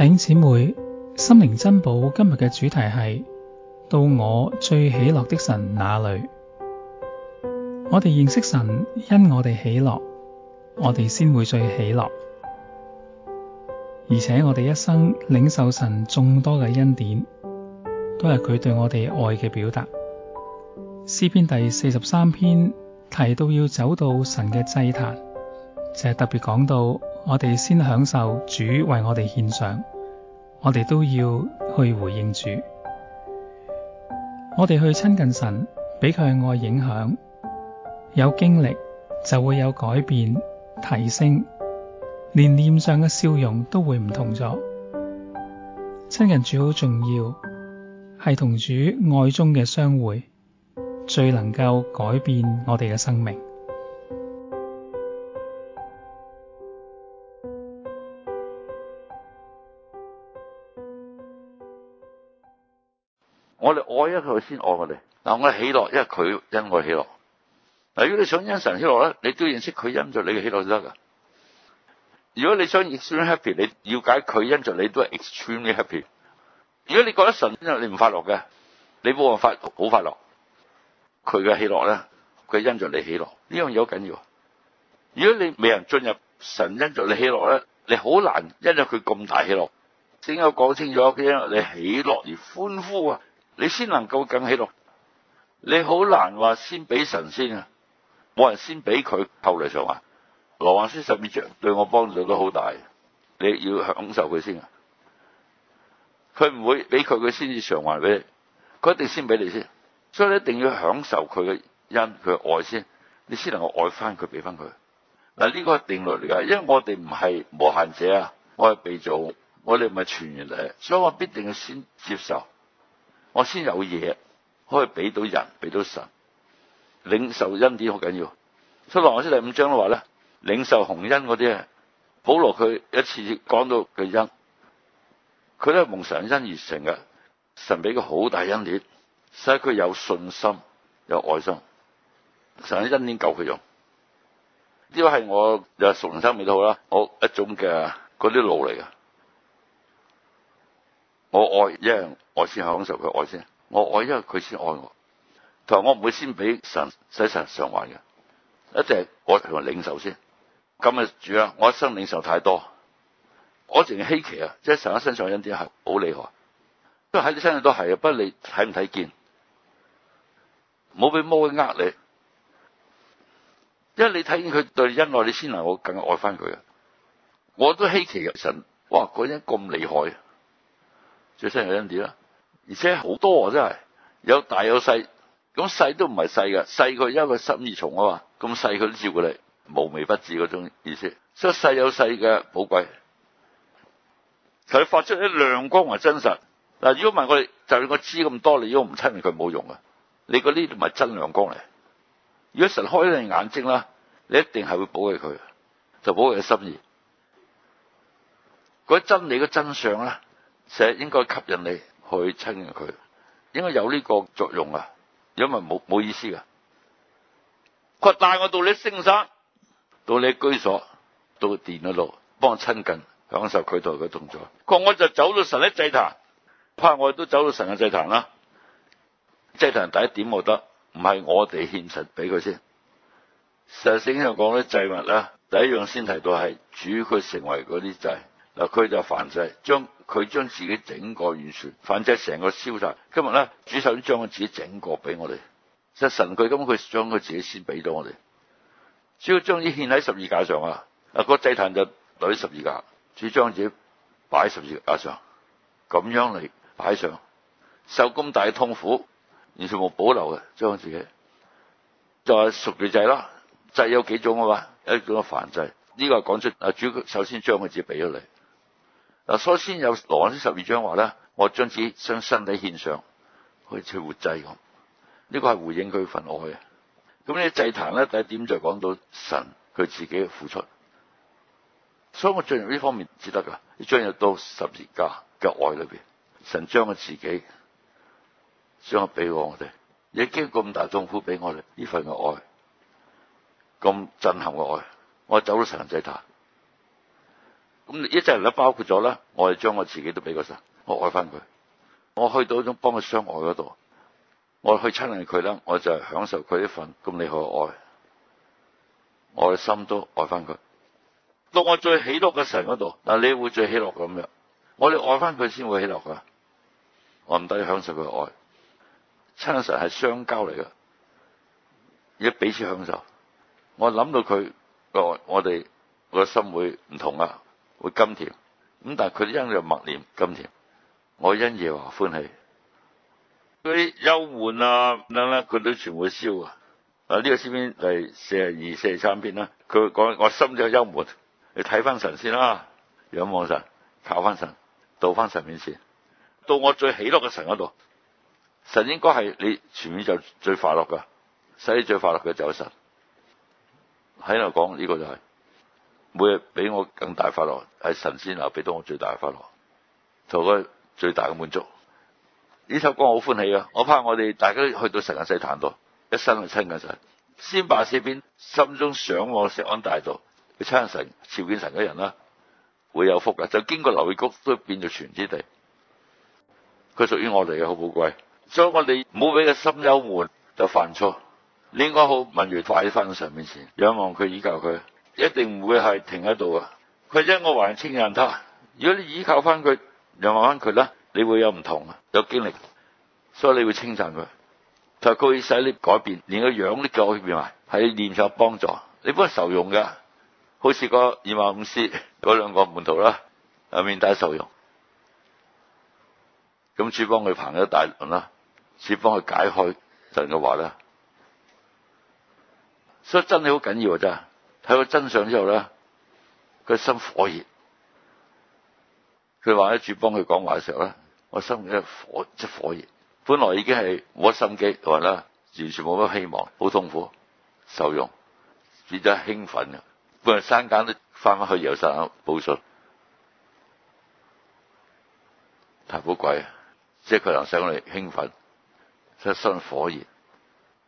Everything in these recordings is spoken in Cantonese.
弟兄姊妹，心靈珍寶今日嘅主題係到我最喜樂的神那裏。我哋認識神，因我哋喜樂，我哋先會最喜樂。而且我哋一生領受神眾多嘅恩典，都係佢對我哋愛嘅表達。詩篇第四十三篇提到要走到神嘅祭壇，就係、是、特別講到我哋先享受主為我哋獻上。我哋都要去回應主，我哋去親近神，俾佢嘅愛影響，有經歷就會有改變提升，連臉上嘅笑容都會唔同咗。親近主好重要，係同主愛中嘅相會，最能夠改變我哋嘅生命。我哋愛因佢先愛我哋嗱，我哋喜樂因為佢因我喜樂嗱。如果你想因神喜樂咧，你都要認識佢因着你嘅喜樂先得噶。如果你想 extreme happy，你了解佢因着你都係 extreme 嘅 happy。如果你覺得神因你唔快樂嘅，你冇辦法好快樂。佢嘅喜樂咧，佢因着你喜樂呢樣嘢好緊要。如果你未能進入神因着你喜樂咧，你好難因着佢咁大喜樂。點解我講清楚？佢因你喜樂而歡呼啊！你先能夠更起落，你好難話先俾神仙啊！冇人先俾佢，後嚟償還。羅馬書十二章對我幫助都好大，你要享受佢先啊！佢唔會俾佢，佢先至償還俾你，佢一定先俾你先。所以你一定要享受佢嘅恩，佢嘅愛先，你先能夠愛翻佢，俾翻佢。嗱，呢個係定律嚟噶，因為我哋唔係無限者啊，我係被造，我哋唔係全員嚟，所以我必定要先接受。我先有嘢可以俾到人，俾到神。領受恩典好緊要。所以《羅馬書》第五章咧話咧，領受紅恩嗰啲啊，保羅佢一次次講到嘅恩，佢都係蒙神恩而成嘅。神俾佢好大恩典，使佢有信心、有愛心。神嘅恩典夠佢用。呢個係我又屬靈生命都好啦，我一種嘅嗰啲路嚟噶。我愛，因為我先享受佢愛先。我愛，因為佢先愛我。同埋我唔會先俾神使神上還嘅，一定係我同領受先。咁啊主啊，我一生領受太多，我淨係稀奇啊！即係成日身上有啲係好厲害，因為喺你身上都係，啊不過你睇唔睇見？唔好俾魔鬼呃你，因為你睇見佢對恩愛，你先能我更加愛翻佢啊！我都稀奇啊，神哇，嗰人咁厲害。最犀利啦，而且好多啊，真係有大有細，咁細都唔係細噶細佢因為佢心意重啊嘛，咁細佢都照顧你，無微不至嗰種意思。所以細有細嘅寶貴，佢發出啲亮光同真實。嗱，如果問我，就算我知咁多，你如果唔親佢冇用噶，你嗰啲唔係真亮光嚟。如果神開你眼睛啦，你一定係會保佑佢，就保佑佢心意。嗰真理嘅真相咧？社應該吸引你去親近佢，應該有呢個作用啊！因為冇冇意思噶。佢帶我到你聖山，到你居所，到電嗰度幫我親近，享受佢台嘅動作。佢話我就走到神嘅祭壇，怕我都走到神嘅祭壇啦。祭壇第一點我得，唔係我哋獻神俾佢先。實際上講咧，祭物啦，第一樣先提到係主佢成為嗰啲祭。嗱，佢就燔祭，將佢將自己整個完全燔祭成個燒晒。今日咧，主首先將佢自己整個俾我哋，即、就是、神佢根佢將佢自己先俾到我哋，只要將啲獻喺十字架上啊！啊、那個祭壇就落喺十字架，主將自己擺十字架上，咁樣嚟擺上，受咁大嘅痛苦，完全冇保留嘅，將自己就再贖罪祭啦！祭有幾種啊嘛？一種燔祭。呢、這個講出啊，主首先將佢自己俾咗你。嗱，首先有《羅馬書》十二章話咧，我將自己將身體獻上，好似活祭咁。呢個係回應佢份愛啊。咁呢祭壇咧，第一點就講到神佢自己嘅付出。所以我進入呢方面先得噶，你進入到十字架嘅愛裏邊。神將佢自己將俾我哋，已經咁大痛苦俾我哋呢份嘅愛，咁震撼嘅愛，我走到神人祭壇。咁一人都包括咗啦，我哋將我自己都俾個神，我愛翻佢。我去到一種幫佢相愛嗰度，我去親近佢啦，我就係享受佢一份咁厲害嘅愛，我嘅心都愛翻佢。到我最喜樂嘅神嗰度，嗱，你會最喜樂嘅咁樣，我哋愛翻佢先會喜樂噶。我唔單享受佢嘅愛，親近神係相交嚟噶，要彼此享受。我諗到佢，愛我哋個心會唔同啊！會甘甜，咁但係佢因着默念甘甜，我因耶華歡喜，嗰啲憂悶啊，等等，佢都全部消啊！啊，呢、這個詩篇第四十二、四十三篇啦，佢講我心有幽憂悶，你睇翻神先啦，仰望神，靠翻神，到翻神面先。到我最喜樂嘅神嗰度，神應該係你全面最樂最樂就最快樂噶，使你最快樂嘅就神，喺度講呢個就係、是。每日俾我更大快樂，係神仙留俾到我最大嘅快樂，同佢最大嘅滿足。呢首歌我好歡喜啊！我怕我哋大家去到神嘅世壇度，一生去親近神，詩八四篇心中想往錫安大道去親近神，朝見神嘅人啦，會有福噶。就經過流淚谷都變咗泉源之地，佢屬於我哋嘅好寶貴，所以我哋唔好俾佢心憂悶就犯錯。你應該好，文員快啲翻到神面前，仰望佢，依靠佢。一定唔會係停喺度啊！佢因我還還要稱讚祂，如果你依靠翻佢，仰望翻佢啦，你會有唔同啊，有經歷，所以你會稱讚佢。但佢會使你改變，連個樣都改變埋，喺臉上幫助。你本受用噶，好似個以馬忤斯嗰兩個門徒啦，啊面帶受用，咁主幫佢行咗大輪啦，主幫佢解開神嘅話啦，所以真係好緊要真。睇到真相之後咧，佢心火熱。佢話一主幫佢講話嘅時候咧，我心嘅火即係、就是、火熱。本來已經係冇乜心機，話啦，完全冇乜希望，好痛苦，受用變咗興奮嘅。本來生簡都翻翻去又生眼報信。太寶貴啊！即係佢能使我哋興奮，即係心火熱，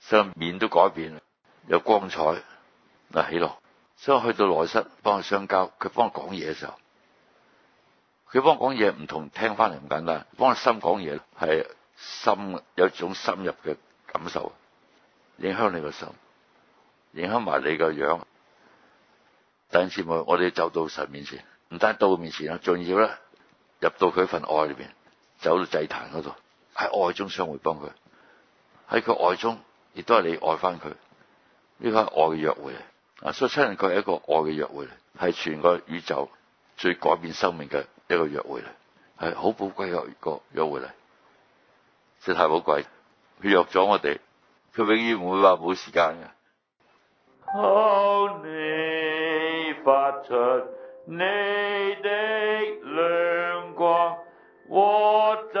即係面都改變，有光彩。嗱係咯，所以去到內室幫佢相交，佢幫我講嘢嘅時候，佢幫我講嘢唔同聽翻嚟，唔簡單，幫我心講嘢，係心有一種深入嘅感受，影響你個心，影響埋你個樣。等二次我哋走到神面前，唔單到面前啦，仲要咧入到佢份愛裏邊，走到祭壇嗰度，喺愛中相會幫佢，喺佢愛中亦都係你愛翻佢，呢個係愛嘅約會啊！所以親人佢係一個愛嘅約會嚟，係全個宇宙最改變生命嘅一個約會嚟，係好寶貴嘅一個約會嚟，即係太寶貴。佢約咗我哋，佢永遠唔會話冇時間嘅。好，你發出你的亮光，我就